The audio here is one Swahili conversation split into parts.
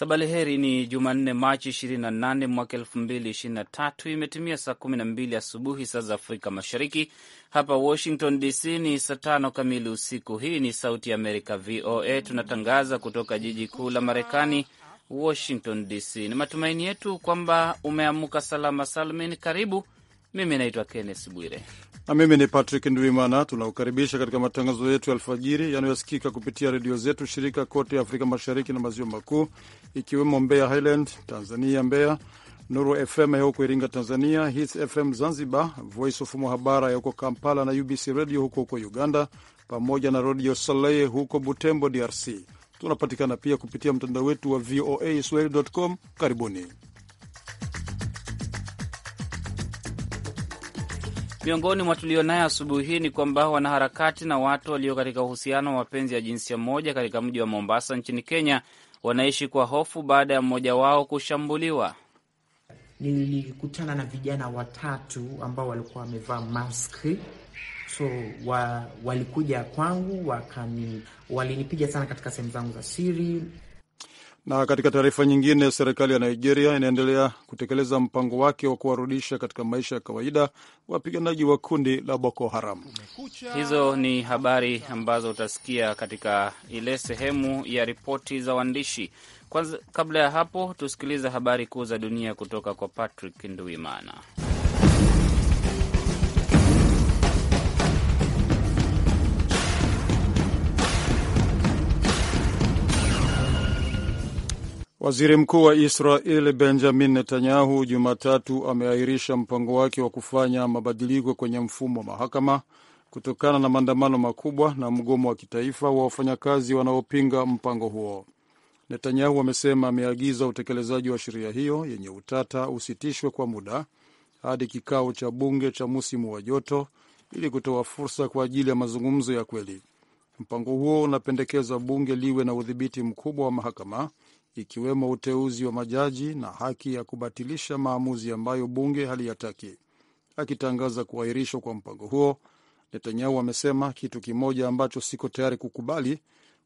Sabaliheri ni Jumanne, Machi 28 mwaka 2023. Imetimia saa 12 asubuhi saa za Afrika Mashariki. Hapa Washington DC ni saa tano kamili usiku. Hii ni Sauti ya Amerika, VOA. Tunatangaza kutoka jiji kuu la Marekani, Washington DC. Ni matumaini yetu kwamba umeamuka salama salmin. Karibu. Mimi naitwa Kenneth Bwire na mimi ni Patrick Ndwimana. Tunakukaribisha katika matangazo yetu ya alfajiri yanayosikika kupitia redio zetu shirika kote Afrika Mashariki na Maziwa Makuu, ikiwemo Mbeya Highland Tanzania, Mbeya Nuru FM ya huko Iringa Tanzania, Hits FM Zanzibar, Voice of Muhabara ya huko Kampala na UBC Radio huko huko Uganda, pamoja na Radio Soleil huko Butembo, DRC. Tunapatikana pia kupitia mtandao wetu wa VOA Swahili.com. Karibuni. Miongoni mwa tulionayo asubuhi hii ni kwamba wanaharakati na watu walio katika uhusiano wa mapenzi ya jinsia moja katika mji wa Mombasa nchini Kenya wanaishi kwa hofu baada ya mmoja wao kushambuliwa. Nilikutana na vijana watatu ambao walikuwa wamevaa maski, so wa, walikuja kwangu wakani, walinipiga sana katika sehemu zangu za siri na katika taarifa nyingine, serikali ya Nigeria inaendelea kutekeleza mpango wake wa kuwarudisha katika maisha ya kawaida wapiganaji wa kundi la Boko Haram. Hizo ni habari ambazo utasikia katika ile sehemu ya ripoti za waandishi. Kwanza, kabla ya hapo, tusikilize habari kuu za dunia kutoka kwa Patrick Nduimana. Waziri mkuu wa Israel Benjamin Netanyahu Jumatatu ameahirisha mpango wake wa kufanya mabadiliko kwenye mfumo wa mahakama kutokana na maandamano makubwa na mgomo wa kitaifa wa wafanyakazi wanaopinga mpango huo. Netanyahu amesema ameagiza utekelezaji wa sheria hiyo yenye utata usitishwe kwa muda hadi kikao cha bunge cha musimu wa joto ili kutoa fursa kwa ajili ya mazungumzo ya kweli. Mpango huo unapendekeza bunge liwe na udhibiti mkubwa wa mahakama ikiwemo uteuzi wa majaji na haki ya kubatilisha maamuzi ambayo bunge haliyataki. Akitangaza kuahirishwa kwa mpango huo, Netanyahu amesema kitu kimoja ambacho siko tayari kukubali: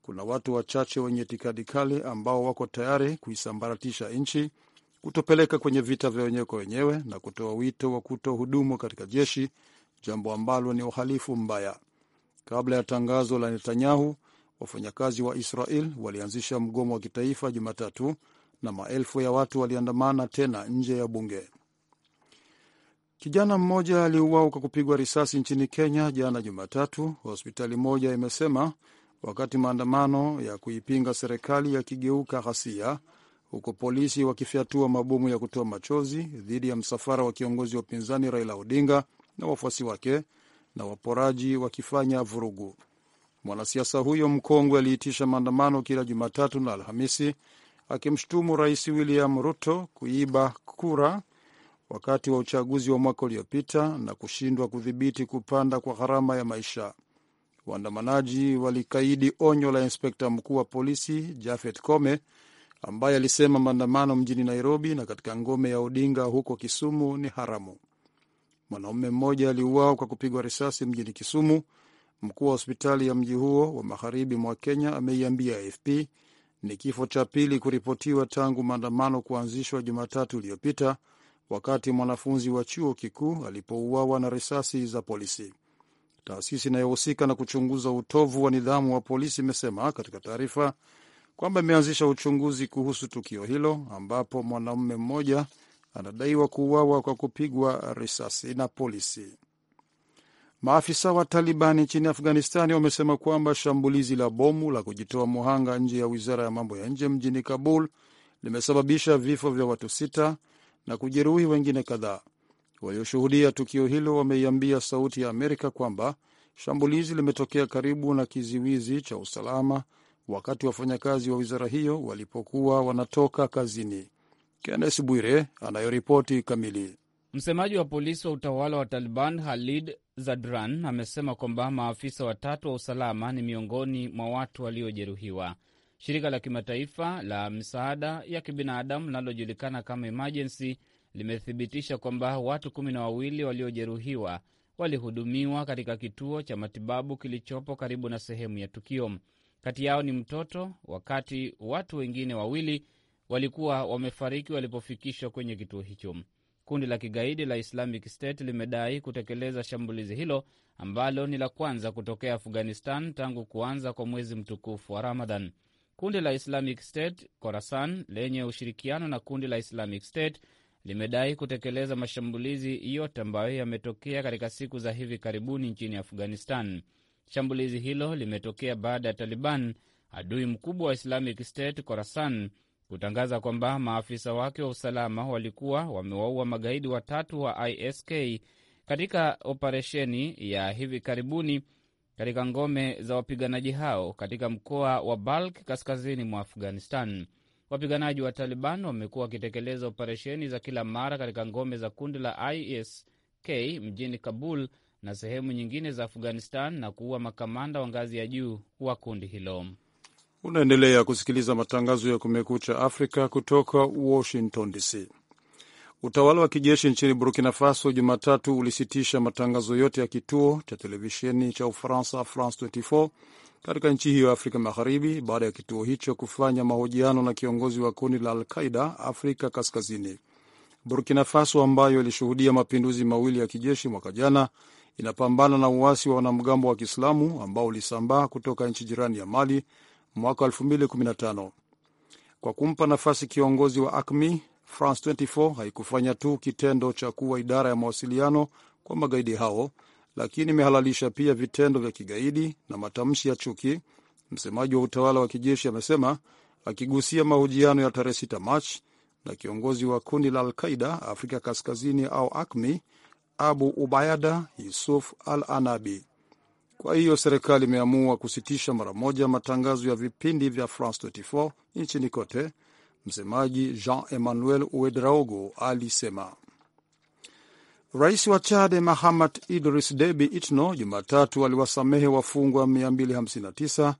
kuna watu wachache wenye itikadi kali ambao wako tayari kuisambaratisha nchi, kutopeleka kwenye vita vya wenyewe kwa wenyewe na kutoa wito wa kutohudumu katika jeshi, jambo ambalo ni uhalifu mbaya. Kabla ya tangazo la Netanyahu, Wafanyakazi wa Israel walianzisha mgomo wa kitaifa Jumatatu na maelfu ya watu waliandamana tena nje ya bunge. Kijana mmoja aliuawa kwa kupigwa risasi nchini Kenya jana Jumatatu, hospitali moja imesema, wakati maandamano ya kuipinga serikali yakigeuka ghasia, huku polisi wakifyatua mabomu ya kutoa machozi dhidi ya msafara wa kiongozi wa upinzani Raila Odinga na wafuasi wake na waporaji wakifanya vurugu. Mwanasiasa huyo mkongwe aliitisha maandamano kila Jumatatu na Alhamisi akimshutumu Rais William Ruto kuiba kura wakati wa uchaguzi wa mwaka uliopita na kushindwa kudhibiti kupanda kwa gharama ya maisha. Waandamanaji walikaidi onyo la inspekta mkuu wa polisi Jafet Kome ambaye alisema maandamano mjini Nairobi na katika ngome ya Odinga huko Kisumu ni haramu. Mwanaume mmoja aliuawa kwa kupigwa risasi mjini Kisumu Mkuu wa hospitali ya mji huo wa magharibi mwa Kenya ameiambia AFP ni kifo cha pili kuripotiwa tangu maandamano kuanzishwa Jumatatu iliyopita wakati mwanafunzi wa chuo kikuu alipouawa na risasi za polisi. Taasisi inayohusika na kuchunguza utovu wa nidhamu wa polisi imesema katika taarifa kwamba imeanzisha uchunguzi kuhusu tukio hilo ambapo mwanamume mmoja anadaiwa kuuawa kwa kupigwa risasi na polisi. Maafisa wa Taliban nchini Afghanistani wamesema kwamba shambulizi la bomu la kujitoa muhanga nje ya wizara ya mambo ya nje mjini Kabul limesababisha vifo vya watu sita na kujeruhi wengine kadhaa. Walioshuhudia tukio hilo wameiambia Sauti ya Amerika kwamba shambulizi limetokea karibu na kiziwizi cha usalama wakati wafanyakazi wa wizara hiyo walipokuwa wanatoka kazini. Kennes Bwire anayoripoti kamili. Msemaji wa polisi wa utawala wa Taliban Halid Zadran amesema kwamba maafisa watatu wa usalama ni miongoni mwa watu waliojeruhiwa. Shirika la kimataifa la misaada ya kibinadamu linalojulikana kama Emergency limethibitisha kwamba watu kumi na wawili waliojeruhiwa walihudumiwa katika kituo cha matibabu kilichopo karibu na sehemu ya tukio. Kati yao ni mtoto, wakati watu wengine wawili walikuwa wamefariki walipofikishwa kwenye kituo hicho. Kundi la kigaidi la Islamic State limedai kutekeleza shambulizi hilo ambalo ni la kwanza kutokea Afghanistan tangu kuanza kwa mwezi mtukufu wa Ramadhan. Kundi la Islamic State Khorasan lenye ushirikiano na kundi la Islamic State limedai kutekeleza mashambulizi yote ambayo yametokea katika siku za hivi karibuni nchini Afghanistan. Shambulizi hilo limetokea baada ya Taliban, adui mkubwa wa Islamic State Khorasan, kutangaza kwamba maafisa wake wa usalama walikuwa wamewaua magaidi watatu wa ISK katika operesheni ya hivi karibuni katika ngome za wapiganaji hao katika mkoa wa Balk kaskazini mwa Afghanistan. Wapiganaji wa Taliban wamekuwa wakitekeleza operesheni za kila mara katika ngome za kundi la ISK mjini Kabul na sehemu nyingine za Afghanistan na kuua makamanda wa ngazi ya juu wa kundi hilo. Unaendelea kusikiliza matangazo ya Kumekucha Afrika kutoka Washington DC. Utawala wa kijeshi nchini Burkina Faso Jumatatu ulisitisha matangazo yote ya kituo cha televisheni cha Ufaransa France 24 katika nchi hiyo ya Afrika Magharibi baada ya kituo hicho kufanya mahojiano na kiongozi wa kundi la Alqaida Afrika Kaskazini. Burkina Faso ambayo ilishuhudia mapinduzi mawili ya kijeshi mwaka jana inapambana na uasi wa wanamgambo wa Kiislamu ambao ulisambaa kutoka nchi jirani ya Mali mwaka 2015 kwa kumpa nafasi kiongozi wa ACMI. France 24 haikufanya tu kitendo cha kuwa idara ya mawasiliano kwa magaidi hao, lakini imehalalisha pia vitendo vya kigaidi na matamshi ya chuki, msemaji wa utawala wa kijeshi amesema, akigusia mahojiano ya tarehe 6 Machi na kiongozi wa kundi la Alqaida Afrika Kaskazini au ACMI, Abu Ubayada Yusuf Al Anabi. Kwa hiyo serikali imeamua kusitisha mara moja matangazo ya vipindi vya France 24 nchini kote, msemaji Jean Emmanuel Uedraogo alisema. Rais wa Chad Mahamat Idris Debi Itno Jumatatu aliwasamehe wafungwa 259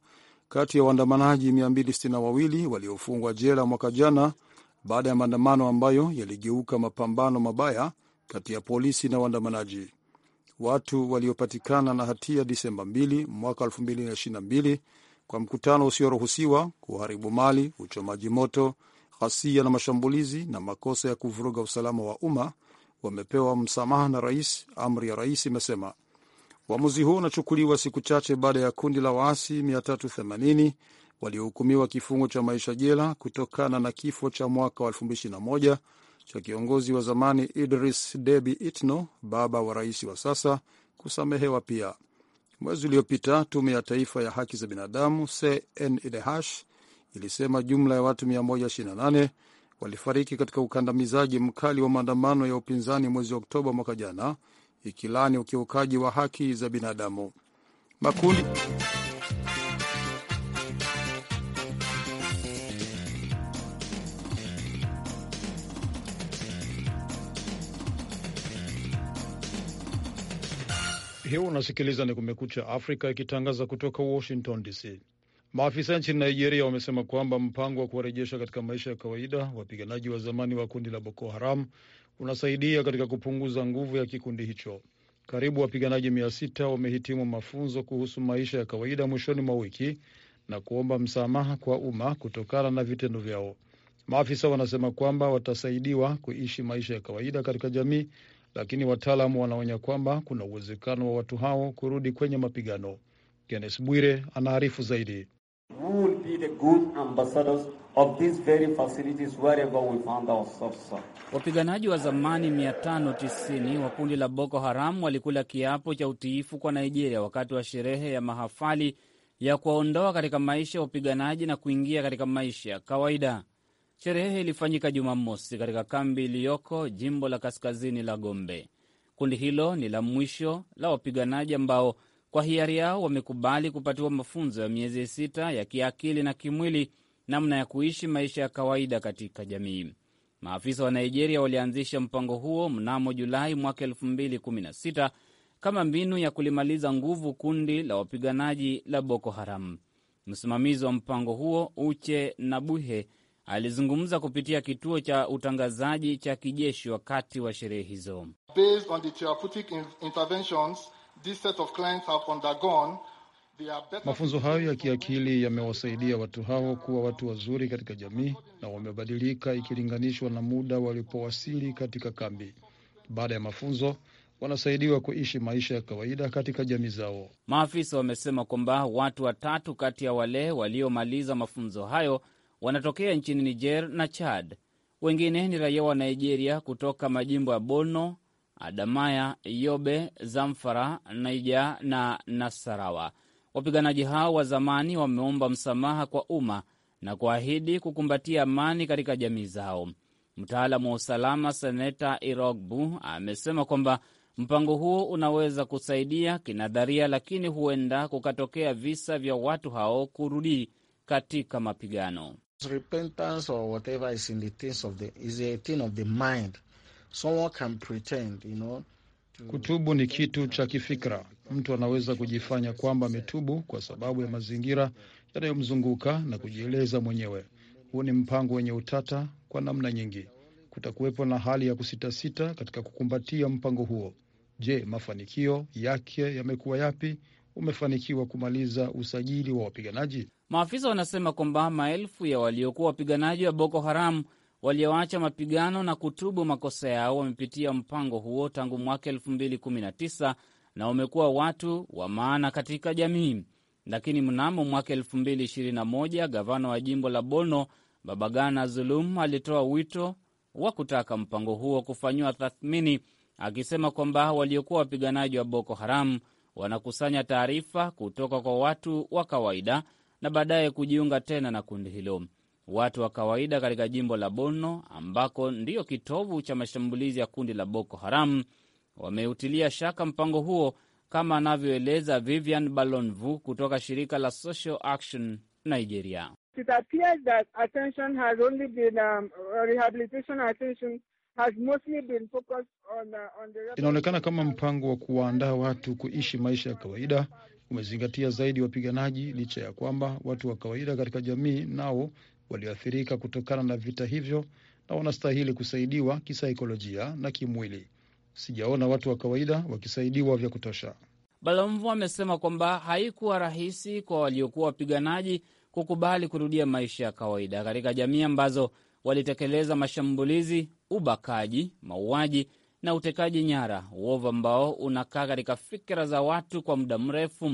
kati ya waandamanaji 262 waliofungwa jela mwaka jana baada ya maandamano ambayo yaligeuka mapambano mabaya kati ya polisi na waandamanaji watu waliopatikana na hatia Disemba 2 mwaka 2022 kwa mkutano usioruhusiwa, kuharibu mali, uchomaji moto, ghasia na mashambulizi na makosa ya kuvuruga usalama wa umma wamepewa msamaha na rais. Amri ya rais imesema uamuzi huo unachukuliwa siku chache baada ya kundi la waasi 380 waliohukumiwa kifungo cha maisha jela kutokana na kifo cha mwaka wa cha kiongozi wa zamani Idris Debi Itno, baba wa rais wa sasa, kusamehewa pia. Mwezi uliopita tume ya taifa ya haki za binadamu CNDH ilisema jumla ya watu 128 walifariki katika ukandamizaji mkali wa maandamano ya upinzani mwezi Oktoba mwaka jana, ikilani ukiukaji wa haki za binadamu. Makundi hiyo unasikiliza ni Kumekucha Afrika ikitangaza kutoka Washington DC. Maafisa nchini Nigeria wamesema kwamba mpango wa kuwarejesha katika maisha ya kawaida wapiganaji wa zamani wa kundi la Boko Haram unasaidia katika kupunguza nguvu ya kikundi hicho. Karibu wapiganaji mia sita wamehitimu mafunzo kuhusu maisha ya kawaida mwishoni mwa wiki na kuomba msamaha kwa umma kutokana na vitendo vyao. Maafisa wanasema kwamba watasaidiwa kuishi maisha ya kawaida katika jamii lakini wataalamu wanaonya kwamba kuna uwezekano wa watu hao kurudi kwenye mapigano. Kennes Bwire anaarifu zaidi. Wapiganaji wa zamani 590 wa kundi la Boko Haram walikula kiapo cha utiifu kwa Nigeria wakati wa sherehe ya mahafali ya kuwaondoa katika maisha ya wapiganaji na kuingia katika maisha ya kawaida. Sherehe ilifanyika Jumamosi katika kambi iliyoko jimbo la kaskazini la Gombe. Kundi hilo ni la mwisho la wapiganaji ambao kwa hiari yao wamekubali kupatiwa mafunzo ya miezi sita ya kiakili na kimwili, namna ya kuishi maisha ya kawaida katika jamii. Maafisa wa Nigeria walianzisha mpango huo mnamo Julai mwaka 2016 kama mbinu ya kulimaliza nguvu kundi la wapiganaji la Boko Haram. Msimamizi wa mpango huo Uche Nabuhe alizungumza kupitia kituo cha utangazaji cha kijeshi wakati wa sherehe hizo. Based on the therapeutic interventions this set of clients have undergone Mafunzo hayo ya kiakili yamewasaidia watu hao kuwa watu wazuri katika jamii na wamebadilika ikilinganishwa na muda walipowasili katika kambi. Baada ya mafunzo, wanasaidiwa kuishi maisha ya kawaida katika jamii zao. Maafisa wamesema kwamba watu watatu kati ya wale waliomaliza mafunzo hayo wanatokea nchini Niger na Chad. Wengine ni raia wa Nigeria kutoka majimbo ya bono Adamaya, Yobe, Zamfara, Naija na Nasarawa. Wapiganaji hao wa zamani wameomba msamaha kwa umma na kuahidi kukumbatia amani katika jamii zao. Mtaalamu wa usalama Seneta Irogbu amesema kwamba mpango huo unaweza kusaidia kinadharia, lakini huenda kukatokea visa vya watu hao kurudi katika mapigano repentance or whatever is in the things of the is a thing of the mind. Someone can pretend, you know. Kutubu ni kitu cha kifikra. Mtu anaweza kujifanya kwamba ametubu kwa sababu ya mazingira yanayomzunguka na kujieleza mwenyewe. Huu ni mpango wenye utata kwa namna nyingi. Kutakuwepo na hali ya kusitasita katika kukumbatia mpango huo. Je, mafanikio yake yamekuwa yapi? Umefanikiwa kumaliza usajili wa wapiganaji? Maafisa wanasema kwamba maelfu ya waliokuwa wapiganaji wa Boko Haram walioacha mapigano na kutubu makosa yao wamepitia mpango huo tangu mwaka 2019 na wamekuwa watu wa maana katika jamii. Lakini mnamo mwaka 2021 gavana wa jimbo la bono Babagana Zulum alitoa wito wa kutaka mpango huo kufanyiwa tathmini, akisema kwamba waliokuwa wapiganaji wa Boko Haram wanakusanya taarifa kutoka kwa watu wa kawaida na baadaye kujiunga tena na kundi hilo. Watu wa kawaida katika jimbo la Borno ambako ndiyo kitovu cha mashambulizi ya kundi la Boko Haram wameutilia shaka mpango huo, kama anavyoeleza Vivian Balonvu kutoka shirika la Social Action Nigeria. It appears that attention has only been, um, rehabilitation attention Uh, Inaonekana kama mpango wa kuwaandaa watu kuishi maisha ya kawaida umezingatia zaidi wapiganaji, licha ya kwamba watu wa kawaida katika jamii nao walioathirika kutokana na vita hivyo na wanastahili kusaidiwa kisaikolojia na kimwili. Sijaona watu wa kawaida wakisaidiwa vya kutosha. Balamvu amesema kwamba haikuwa rahisi kwa waliokuwa wapiganaji kukubali kurudia maisha ya kawaida katika jamii ambazo walitekeleza mashambulizi, ubakaji, mauaji na utekaji nyara, uovu ambao unakaa katika fikira za watu kwa muda mrefu.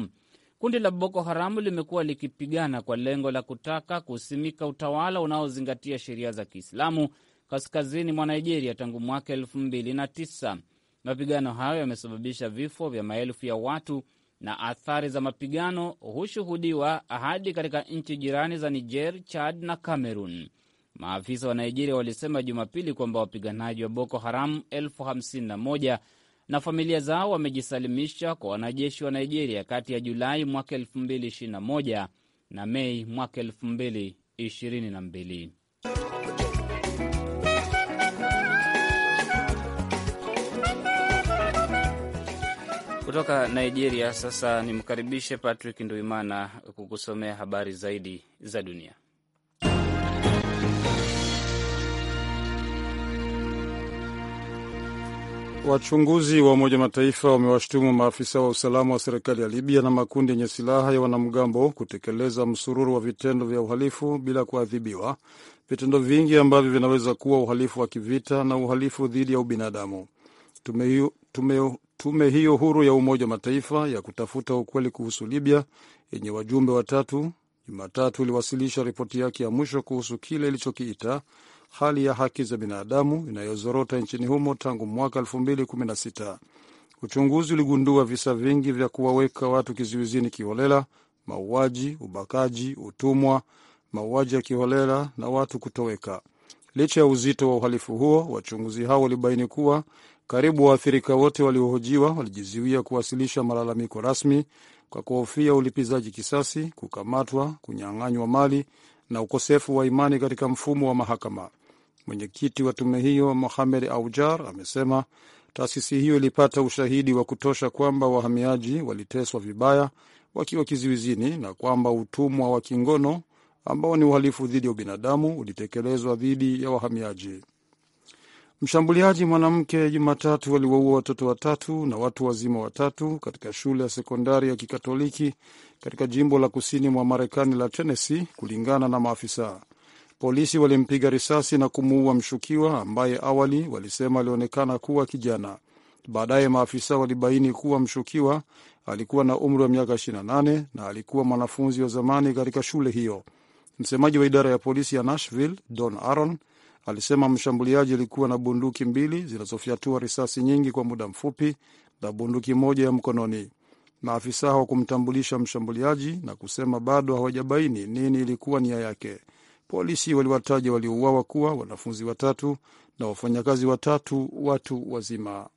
Kundi la Boko Haramu limekuwa likipigana kwa lengo la kutaka kusimika utawala unaozingatia sheria za Kiislamu kaskazini mwa Nigeria tangu mwaka elfu mbili na tisa. Mapigano hayo yamesababisha vifo vya maelfu ya watu na athari za mapigano hushuhudiwa hadi katika nchi jirani za Niger, Chad na Cameroon. Maafisa wa Nigeria walisema Jumapili kwamba wapiganaji wa Boko Haram elfu hamsini na moja na familia zao wamejisalimisha kwa wanajeshi wa Nigeria kati ya Julai mwaka 2021 na Mei mwaka 2022. Kutoka Nigeria sasa nimkaribishe Patrick Nduimana kukusomea habari zaidi za dunia. Wachunguzi wa Umoja Mataifa wamewashtumu maafisa wa usalama wa serikali ya Libya na makundi yenye silaha ya wanamgambo kutekeleza msururu wa vitendo vya uhalifu bila kuadhibiwa, vitendo vingi ambavyo vinaweza kuwa uhalifu wa kivita na uhalifu dhidi ya ubinadamu. Tume hiyo, tume, tume hiyo huru ya Umoja Mataifa ya kutafuta ukweli kuhusu Libya yenye wajumbe watatu Jumatatu iliwasilisha ripoti yake ya mwisho kuhusu kile ilichokiita hali ya haki za binadamu inayozorota nchini humo tangu mwaka 2016. Uchunguzi uligundua visa vingi vya kuwaweka watu kizuizini kiholela, mauaji, ubakaji, utumwa, mauaji ya kiholela na watu kutoweka. Licha ya uzito wa uhalifu huo, wachunguzi hao walibaini kuwa karibu waathirika wote waliohojiwa walijizuia kuwasilisha malalamiko rasmi kwa kuhofia ulipizaji kisasi, kukamatwa, kunyang'anywa mali na ukosefu wa imani katika mfumo wa mahakama. Mwenyekiti wa tume hiyo Mohamed Aujar amesema taasisi hiyo ilipata ushahidi wa kutosha kwamba wahamiaji waliteswa vibaya wakiwa kizuizini na kwamba utumwa wa kingono ambao ni uhalifu dhidi ya ubinadamu ulitekelezwa dhidi ya wahamiaji. Mshambuliaji mwanamke Jumatatu aliwaua watoto watatu na watu wazima watatu katika shule ya sekondari ya Kikatoliki katika jimbo la kusini mwa Marekani la Tennessee, kulingana na maafisa. Polisi walimpiga risasi na kumuua mshukiwa ambaye awali walisema alionekana kuwa kijana. Baadaye maafisa walibaini kuwa mshukiwa alikuwa na umri wa miaka 28 na alikuwa mwanafunzi wa zamani katika shule hiyo. Msemaji wa idara ya polisi ya Nashville, Don Aaron, alisema mshambuliaji alikuwa na bunduki mbili zinazofyatua risasi nyingi kwa muda mfupi na bunduki moja ya mkononi. Maafisa hawakumtambulisha mshambuliaji na kusema bado hawajabaini nini ilikuwa nia yake. Polisi waliwataja waliouawa kuwa wanafunzi watatu na wafanyakazi watatu watu wazima.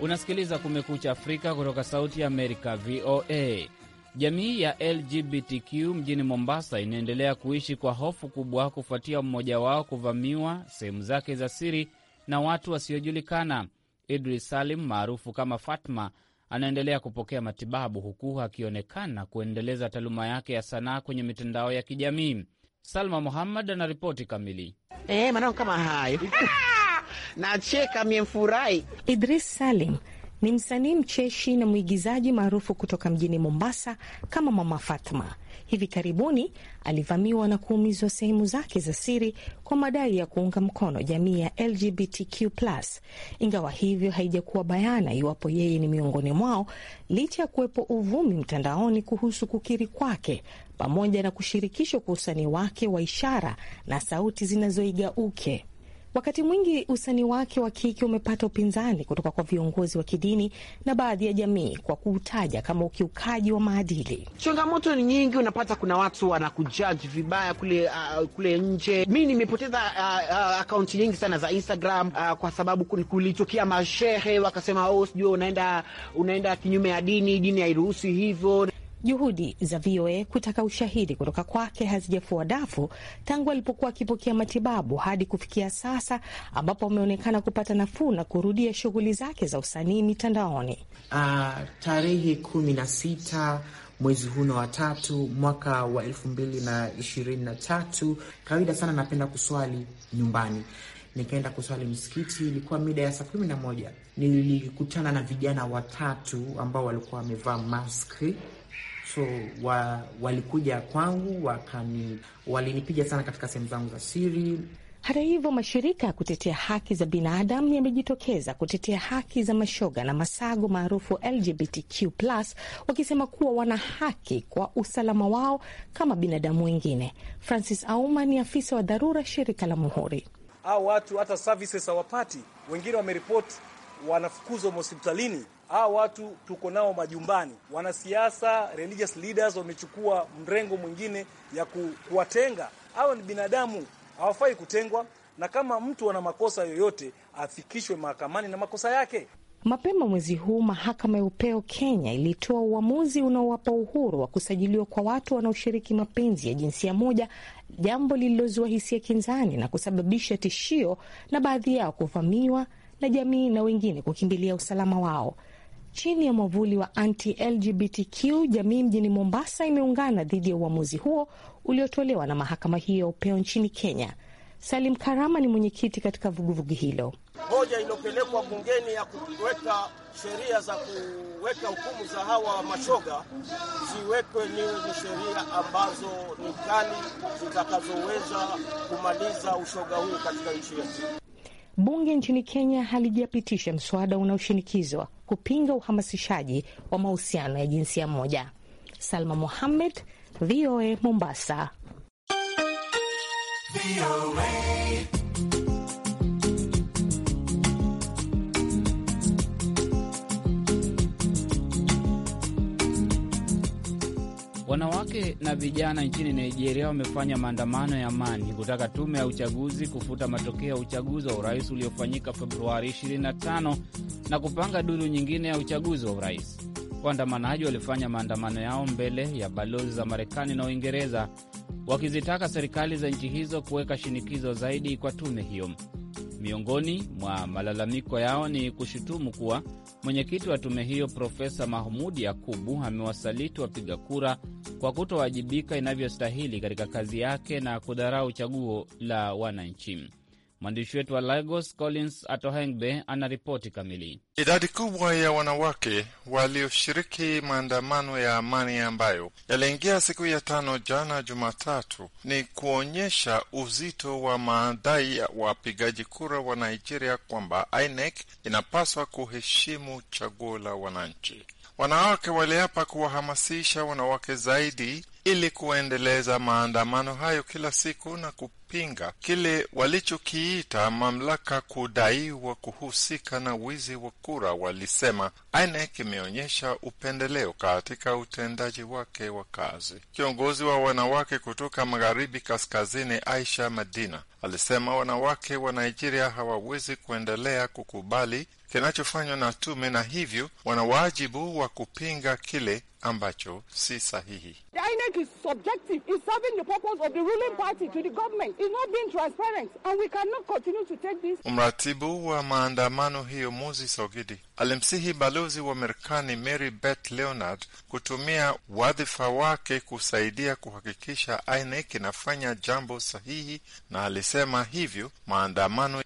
Unasikiliza Kumekucha Afrika kutoka Sauti ya Amerika, VOA. Jamii ya LGBTQ mjini Mombasa inaendelea kuishi kwa hofu kubwa kufuatia mmoja wao kuvamiwa sehemu zake za siri na watu wasiojulikana. Idris Salim maarufu kama Fatma anaendelea kupokea matibabu huku akionekana kuendeleza taaluma yake ya sanaa kwenye mitandao ya kijamii. Salma Muhammad anaripoti kamili. E, kama hayo nacheka Idris Salim ni msanii mcheshi na mwigizaji maarufu kutoka mjini Mombasa kama Mama Fatma. Hivi karibuni alivamiwa na kuumizwa sehemu zake za siri kwa madai ya kuunga mkono jamii ya LGBTQ+. Ingawa hivyo haijakuwa bayana iwapo yeye ni miongoni mwao, licha ya kuwepo uvumi mtandaoni kuhusu kukiri kwake pamoja na kushirikishwa kwa usanii wake wa ishara na sauti zinazoigauke. Wakati mwingi usanii wake wa kike umepata upinzani kutoka kwa viongozi wa kidini na baadhi ya jamii kwa kuutaja kama ukiukaji wa maadili. Changamoto ni nyingi, unapata kuna watu wanakujaji vibaya kule, uh, kule nje. Mi nimepoteza uh, uh, akaunti nyingi sana za Instagram uh, kwa sababu kulitokea mashehe wakasema, oh, sijui unaenda unaenda kinyume ya dini, dini hairuhusi hivyo. Juhudi za VOA kutaka ushahidi kutoka kwake hazijafua dafu tangu alipokuwa akipokea matibabu hadi kufikia sasa ambapo ameonekana kupata nafuu na kurudia shughuli zake za usanii mitandaoni. Uh, tarehe kumi na sita mwezi huno wa tatu mwaka wa elfu mbili na ishirini na tatu. Kawaida sana napenda kuswali nyumbani, nikaenda kuswali msikiti. Ilikuwa mida ya saa kumi na moja. Nilikutana na vijana watatu ambao walikuwa wamevaa maski So wa, walikuja kwangu wakani, walinipiga sana katika sehemu zangu za siri. Hata hivyo mashirika ya kutetea haki za binadamu yamejitokeza kutetea haki za mashoga na masago maarufu LGBTQ+, wakisema kuwa wana haki kwa usalama wao kama binadamu wengine. Francis Auma ni afisa wa dharura shirika la Muhuri. Hao watu hata services hawapati, wengine wameripoti wanafukuzwa hospitalini hawa watu tuko nao majumbani. Wanasiasa, religious leaders wamechukua mrengo mwingine ya ku, kuwatenga. Hawa ni binadamu, hawafai kutengwa, na kama mtu ana makosa yoyote afikishwe mahakamani na makosa yake. Mapema mwezi huu mahakama ya upeo Kenya ilitoa uamuzi unaowapa uhuru wa kusajiliwa kwa watu wanaoshiriki mapenzi ya jinsia moja, jambo lililozua hisia kinzani na kusababisha tishio na baadhi yao kuvamiwa na jamii na wengine kukimbilia usalama wao chini ya mwavuli wa anti-LGBTQ jamii mjini Mombasa imeungana dhidi ya uamuzi huo uliotolewa na mahakama hiyo ya upeo nchini Kenya. Salim Karama ni mwenyekiti katika vuguvugu hilo. Hoja iliyopelekwa bungeni ya kuweka sheria za kuweka hukumu za hawa mashoga ziwekwe ni sheria ambazo ni kali zitakazoweza kumaliza ushoga huu katika nchi yetu. Bunge nchini Kenya halijapitisha mswada unaoshinikizwa kupinga uhamasishaji wa mahusiano ya jinsia moja. Salma Mohammed, VOA Mombasa. VOA. Wanawake na vijana nchini Nigeria wamefanya maandamano ya amani kutaka tume ya uchaguzi kufuta matokeo ya uchaguzi wa urais uliofanyika Februari 25 na kupanga duru nyingine ya uchaguzi wa urais. Waandamanaji walifanya maandamano yao mbele ya balozi za Marekani na Uingereza wakizitaka serikali za nchi hizo kuweka shinikizo zaidi kwa tume hiyo. Miongoni mwa malalamiko yao ni kushutumu kuwa mwenyekiti wa tume hiyo Profesa Mahmud Yakubu amewasaliti wapiga kura kwa kutowajibika inavyostahili katika kazi yake na kudharau chaguo la wananchi. Mwandishi wetu wa Lagos, Collins Atohengbe, anaripoti kamili. Idadi kubwa ya wanawake walioshiriki maandamano ya amani ambayo yaliingia siku ya tano jana Jumatatu ni kuonyesha uzito wa maadhai ya wapigaji kura wa Nigeria kwamba INEC inapaswa kuheshimu chaguo la wananchi. Wanawake waliapa kuwahamasisha wanawake zaidi ili kuendeleza maandamano hayo kila siku na ku kupinga kile walichokiita mamlaka kudaiwa kuhusika na wizi wa kura walisema INEC imeonyesha upendeleo katika utendaji wake wa kazi. Kiongozi wa wanawake kutoka magharibi kaskazini, Aisha Madina, alisema wanawake wa Nigeria hawawezi kuendelea kukubali kinachofanywa na tume na hivyo wana wajibu wa kupinga kile ambacho si sahihi. INEC is subjective. It's serving the purpose of the ruling party to the government. It's not being transparent and we cannot continue to take this. Mratibu wa maandamano hiyo Moses Ogidi alimsihi balozi wa Marekani Mary Beth Leonard kutumia wadhifa wake kusaidia kuhakikisha INEC inafanya jambo sahihi, na alisema hivyo maandamano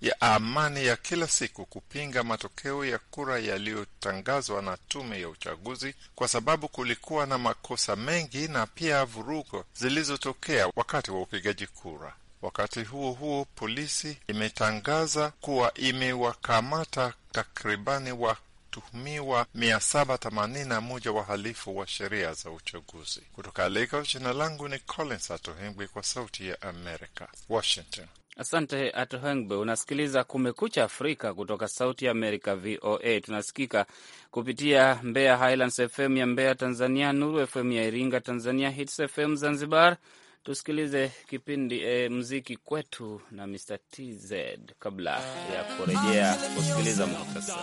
ya amani ya kila siku kupinga matokeo ya kura yaliyotangazwa na tume ya uchaguzi, kwa sababu kulikuwa na makosa mengi na pia vurugo zilizotokea wakati wa upigaji kura. Wakati huo huo, polisi imetangaza kuwa imewakamata takribani wa tuhumiwa 781 wahalifu wa sheria za uchaguzi. Kutoka Lagos, jina langu ni Collins Atohengwi, kwa Sauti ya Amerika, Washington. Asante Atuhengbe. Unasikiliza Kumekucha Afrika kutoka Sauti ya Amerika, VOA. Tunasikika kupitia Mbeya Highlands FM ya Mbeya, Tanzania, Nuru FM ya Iringa, Tanzania, Hits FM Zanzibar. Tusikilize kipindi eh, mziki kwetu na Mr TZ kabla ya kurejea kusikiliza muhtasari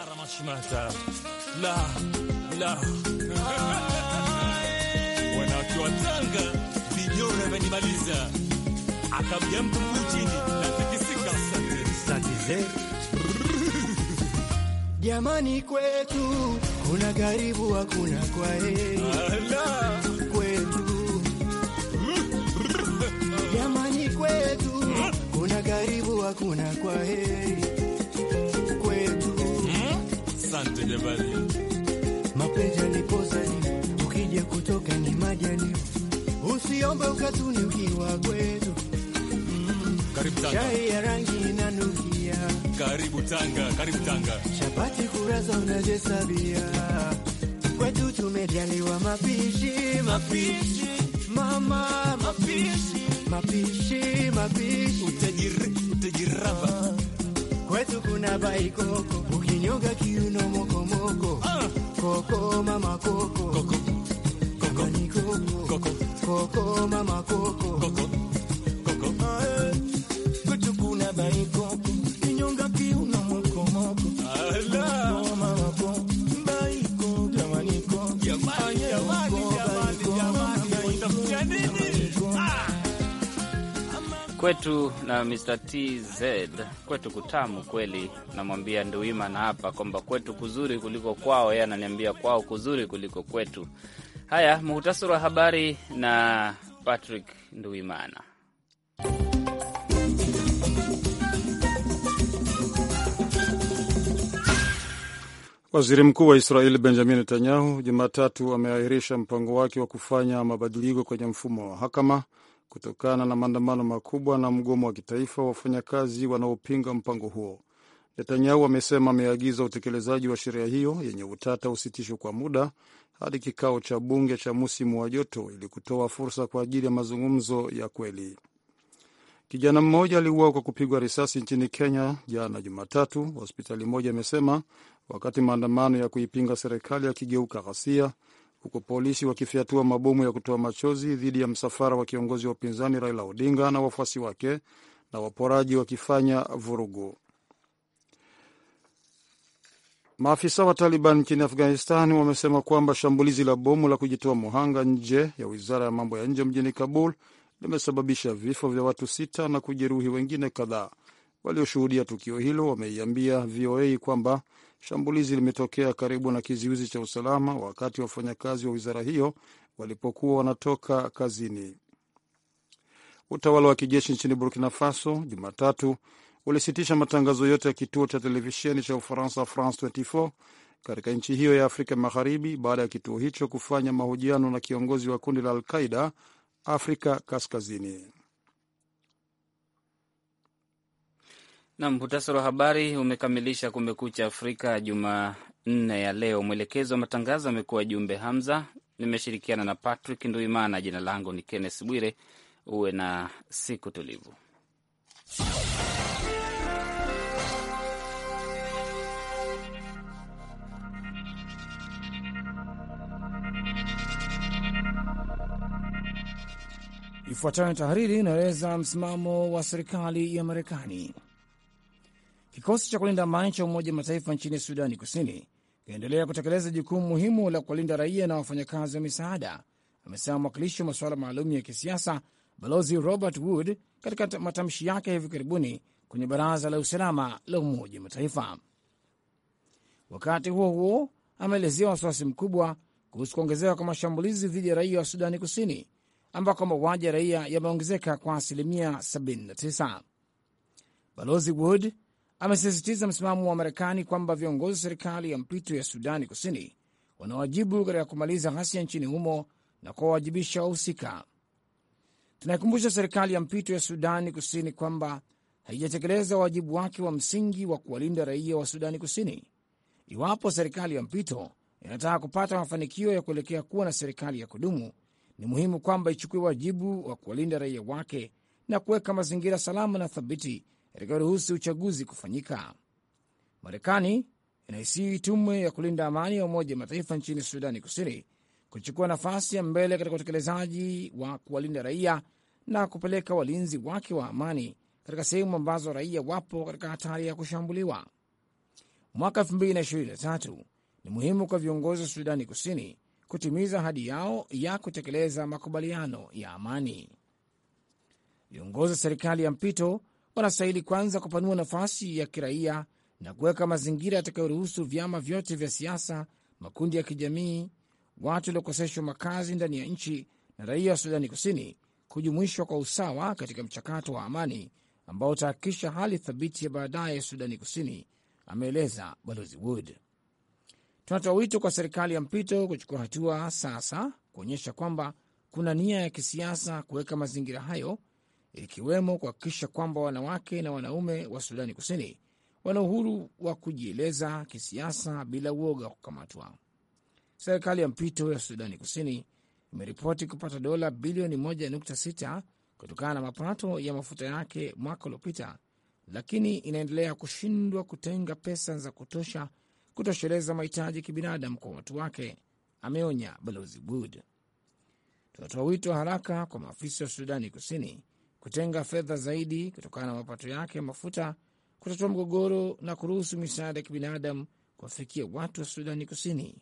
akamjia mtu chini na tikisika. Asante jamani, kwetu kuna garibu hakuna kwa kwaheri kwetu, jamani, kwetu kuna garibu hakuna kwa kwaheri kwetu. Asante jamani, mapenzi alipozani ukija kutoka ni majani, usiombe ukatuni ukiwa kwetu karibu Tanga. Chai ya rangi inanukia. Karibu Tanga, karibu Tanga. Chapati kuraza unajisabia. Kwetu tumejaliwa mapishi, mapishi. Mama, mapishi. Mapishi, mapishi. Utajiri, utajiraba. Kwetu kuna bai koko, ukinyoga kiuno moko moko. Ah. Koko mama koko. Koko. Koko. Koko. Koko mama koko. Koko. Koko. Koko kwetu na Mr TZ kwetu kutamu kweli. Namwambia na hapa kwamba kwetu kuzuri kuliko kwao, yeye ananiambia kwao kuzuri kuliko kwetu. Haya, muhtasari wa habari na Patrick Nduwimana. Waziri mkuu wa Israeli Benjamin Netanyahu Jumatatu ameahirisha mpango wake wa kufanya mabadiliko kwenye mfumo wa mahakama kutokana na maandamano makubwa na mgomo wa kitaifa wa wafanyakazi wanaopinga mpango huo. Netanyahu amesema ameagiza utekelezaji wa sheria hiyo yenye utata usitishwe kwa muda hadi kikao cha bunge cha musimu wa joto ili kutoa fursa kwa ajili ya mazungumzo ya kweli. Kijana mmoja aliuawa kwa kupigwa risasi nchini Kenya jana Jumatatu, hospitali moja imesema, wakati maandamano ya kuipinga serikali yakigeuka ghasia, huku polisi wakifyatua mabomu ya kutoa machozi dhidi ya msafara wa kiongozi wa upinzani Raila Odinga na wafuasi wake na waporaji wakifanya vurugu. Maafisa wa Taliban nchini Afghanistan wamesema kwamba shambulizi la bomu la kujitoa muhanga nje ya wizara ya mambo ya nje mjini Kabul limesababisha vifo vya watu sita na kujeruhi wengine kadhaa. Walioshuhudia tukio hilo wameiambia VOA kwamba Shambulizi limetokea karibu na kizuizi cha usalama wakati wafanyakazi wa wizara hiyo walipokuwa wanatoka kazini. Utawala wa kijeshi nchini Burkina Faso Jumatatu ulisitisha matangazo yote ya kituo cha televisheni cha Ufaransa France 24 katika nchi hiyo ya Afrika Magharibi baada ya kituo hicho kufanya mahojiano na kiongozi wa kundi la Al Qaida Afrika Kaskazini. Na muhtasari wa habari umekamilisha Kumekucha Afrika Jumanne ya leo. Mwelekezi wa matangazo amekuwa Jumbe Hamza, nimeshirikiana na Patrick Nduimana. Jina langu ni Kenneth Bwire. Uwe na siku tulivu. Ifuatayo tahariri inaeleza msimamo wa serikali ya Marekani. Kikosi cha kulinda amani cha Umoja wa Mataifa nchini Sudani Kusini kinaendelea kutekeleza jukumu muhimu la kuwalinda raia na wafanyakazi wa misaada, amesema mwakilishi wa masuala maalum ya kisiasa Balozi Robert Wood katika matamshi yake hivi karibuni kwenye Baraza la Usalama la Umoja wa Mataifa. Wakati huo huo, ameelezea wasiwasi mkubwa kuhusu kuongezeka kwa mashambulizi dhidi ya raia wa Sudani Kusini, ambako mauaji ya raia yameongezeka kwa asilimia 79. Balozi Wood amesisitiza msimamo wa Marekani kwamba viongozi wa serikali ya mpito ya Sudani Kusini wanawajibu katika kumaliza ghasia nchini humo na kuwawajibisha wahusika. Tunaikumbusha serikali ya mpito ya Sudani Kusini kwamba haijatekeleza wajibu wake wa msingi wa kuwalinda raia wa Sudani Kusini. Iwapo serikali ya mpito inataka kupata mafanikio ya kuelekea kuwa na serikali ya kudumu, ni muhimu kwamba ichukue wajibu wa kuwalinda raia wake na kuweka mazingira salama na thabiti yatakayoruhusu uchaguzi kufanyika. Marekani inaisihi tume ya kulinda amani ya Umoja Mataifa nchini Sudani Kusini kuchukua nafasi ya mbele katika utekelezaji wa kuwalinda raia na kupeleka walinzi wake wa amani katika sehemu ambazo raia wapo katika hatari ya kushambuliwa. Mwaka 2023 ni muhimu kwa viongozi wa Sudani Kusini kutimiza ahadi yao ya kutekeleza makubaliano ya amani. Viongozi wa serikali ya mpito wanastahili kwanza kupanua nafasi ya kiraia na kuweka mazingira yatakayoruhusu vyama vyote vya siasa, makundi ya kijamii, watu waliokoseshwa makazi ndani ya nchi na raia wa Sudani Kusini kujumuishwa kwa usawa katika mchakato wa amani ambao utahakikisha hali thabiti ya baadaye Sudani Kusini, ameeleza Balozi Wood. Tunatoa wito kwa serikali ya mpito kuchukua hatua sasa kuonyesha kwamba kuna nia ya kisiasa kuweka mazingira hayo ikiwemo kuhakikisha kwamba wanawake na wanaume wa Sudani Kusini wana uhuru wa kujieleza kisiasa bila uoga wa kukamatwa. Serikali ya mpito ya Sudani Kusini imeripoti kupata dola bilioni 1.6 kutokana na mapato ya mafuta yake mwaka uliopita, lakini inaendelea kushindwa kutenga pesa za kutosha kutosheleza mahitaji ya kibinadamu kwa watu wake, ameonya Balozi Wood. Tunatoa wito wa haraka kwa maafisa wa Sudani Kusini kutenga fedha zaidi kutokana na mapato yake ya mafuta, kutatua mgogoro na kuruhusu misaada ya kibinadamu kuwafikia watu wa Sudani Kusini.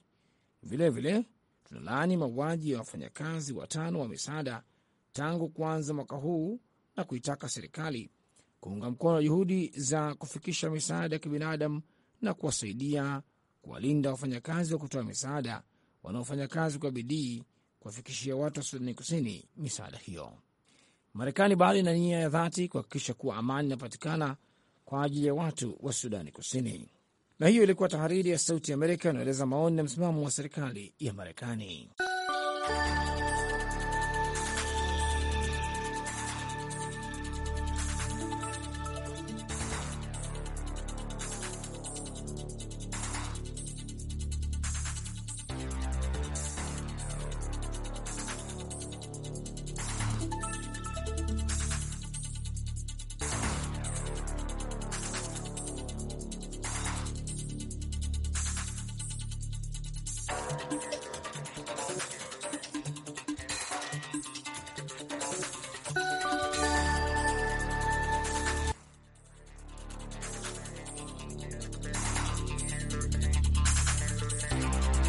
Vilevile tunalaani mauaji ya wafanyakazi watano wa misaada tangu kuanza mwaka huu na kuitaka serikali kuunga mkono juhudi za kufikisha misaada ya kibinadamu na kuwasaidia kuwalinda wafanyakazi wa kutoa misaada wanaofanya kazi kwa bidii kuwafikishia watu wa Sudani Kusini misaada hiyo. Marekani bado ina nia ya dhati kuhakikisha kuwa amani inapatikana kwa ajili ya watu wa Sudani Kusini. Na hiyo ilikuwa tahariri ya Sauti ya Amerika inaeleza maoni na msimamo wa serikali ya Marekani.